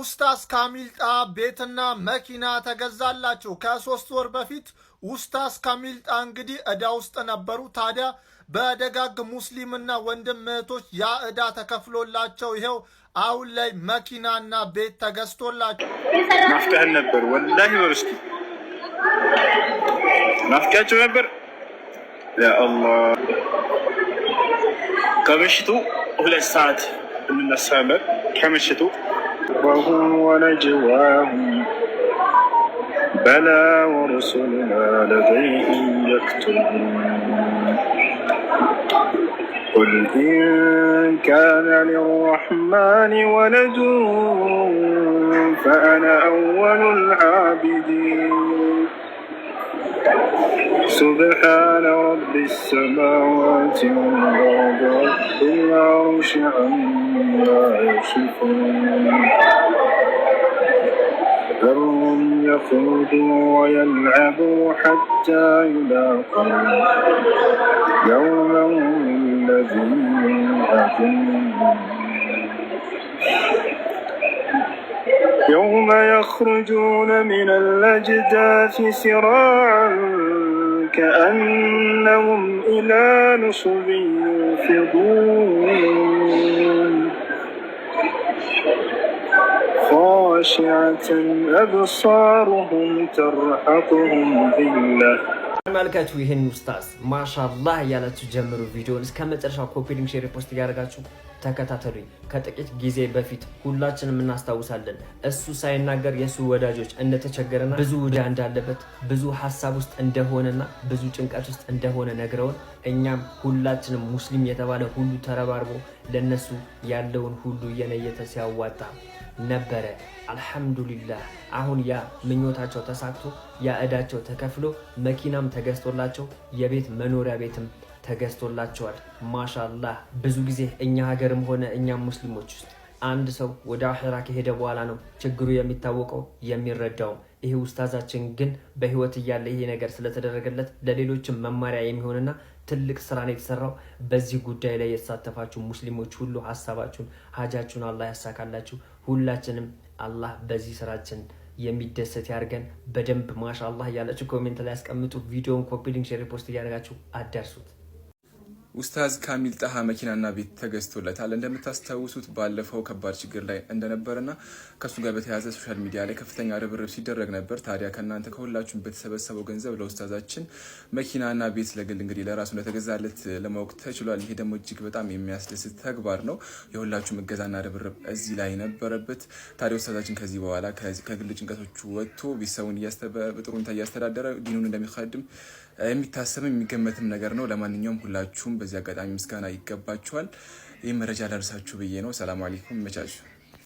ከኡስታዝ ካሚልጣ ቤትና መኪና ተገዛላቸው። ከሶስት ወር በፊት ኡስታዝ ካሚልጣ እንግዲህ እዳ ውስጥ ነበሩ። ታዲያ በደጋግ ሙስሊምና ወንድም እህቶች ያ እዳ ተከፍሎላቸው ይኸው አሁን ላይ መኪናና ቤት ተገዝቶላቸው ናፍቀህን ነበር፣ ወላሂ በርስቲ ናፍቂያቸው ነበር። ያአላህ ከምሽቱ ሁለት ሰዓት እንነሳለን ከምሽቱ وهو ونجواهم بلى ورسلنا لديهم يكتبون قل إن كان للرحمن ولد فأنا أول العابدين سبحان رب السماوات والأرض رب العرش عما ذرهم يخوضوا ويلعبوا حتى يلاقوا يوما الذي يأتون يوم يخرجون من الأجداث سراعا كأنهم إلى نصب يوفضون خاشعة أبصارهم ترحقهم ذلة ተመልከቱ ይህን ኡስታዝ ማሻላህ እያላችሁ ጀምሩ። ቪዲዮን እስከ መጨረሻ ኮፒሊንግ ሼር ፖስት እያደረጋችሁ ተከታተሉኝ። ከጥቂት ጊዜ በፊት ሁላችንም እናስታውሳለን። እሱ ሳይናገር የእሱ ወዳጆች እንደተቸገረና ብዙ ውዳ እንዳለበት ብዙ ሀሳብ ውስጥ እንደሆነና ብዙ ጭንቀት ውስጥ እንደሆነ ነግረውን እኛም ሁላችንም ሙስሊም የተባለ ሁሉ ተረባርቦ ለነሱ ያለውን ሁሉ እየነየተ ሲያዋጣ ነበረ። አልሐምዱሊላህ አሁን ያ ምኞታቸው ተሳክቶ ያ ተከፍሎ መኪናም ተገዝቶላቸው የቤት መኖሪያ ቤትም ተገዝቶላቸዋል። ማሻላህ ብዙ ጊዜ እኛ ሀገርም ሆነ እኛም ሙስሊሞች ውስጥ አንድ ሰው ወደ አህራ ከሄደ በኋላ ነው ችግሩ የሚታወቀው የሚረዳው። ይሄ ውስታዛችን ግን በህይወት እያለ ይሄ ነገር ስለተደረገለት ለሌሎችም መማሪያ የሚሆንና ትልቅ ስራ ነው የተሰራው። በዚህ ጉዳይ ላይ የተሳተፋችሁ ሙስሊሞች ሁሉ ሀሳባችሁን፣ ሀጃችሁን አላህ ያሳካላችሁ። ሁላችንም አላህ በዚህ ስራችን የሚደሰት ያርገን። በደንብ ማሻ አላህ እያላችሁ ኮሜንት ላይ ያስቀምጡ። ቪዲዮን ኮፒ ሊንክ፣ ሼር፣ ፖስት እያደረጋችሁ አዳርሱት። ኡስታዝ ካሚል ጣሃ መኪናና ቤት ተገዝቶለታል። እንደምታስታውሱት ባለፈው ከባድ ችግር ላይ እንደነበርና ከሱ ጋር በተያያዘ ሶሻል ሚዲያ ላይ ከፍተኛ ርብርብ ሲደረግ ነበር። ታዲያ ከእናንተ ከሁላችሁም በተሰበሰበው ገንዘብ ለኡስታዛችን መኪናና ቤት ለግል እንግዲህ ለራሱ እንደተገዛለት ለማወቅ ተችሏል። ይሄ ደግሞ እጅግ በጣም የሚያስደስት ተግባር ነው። የሁላችሁም እገዛና ርብርብ እዚህ ላይ ነበረበት። ታዲያ ኡስታዛችን ከዚህ በኋላ ከግል ጭንቀቶቹ ወጥቶ ቤተሰቡን በጥሩ ሁኔታ እያስተዳደረ ዲኑን እንደሚቀድም የሚታሰብም የሚገመትም ነገር ነው። ለማንኛውም ሁላችሁም በዚህ አጋጣሚ ምስጋና ይገባችኋል። ይህ መረጃ ላደርሳችሁ ብዬ ነው። ሰላም አለይኩም። ይመቻችሁ።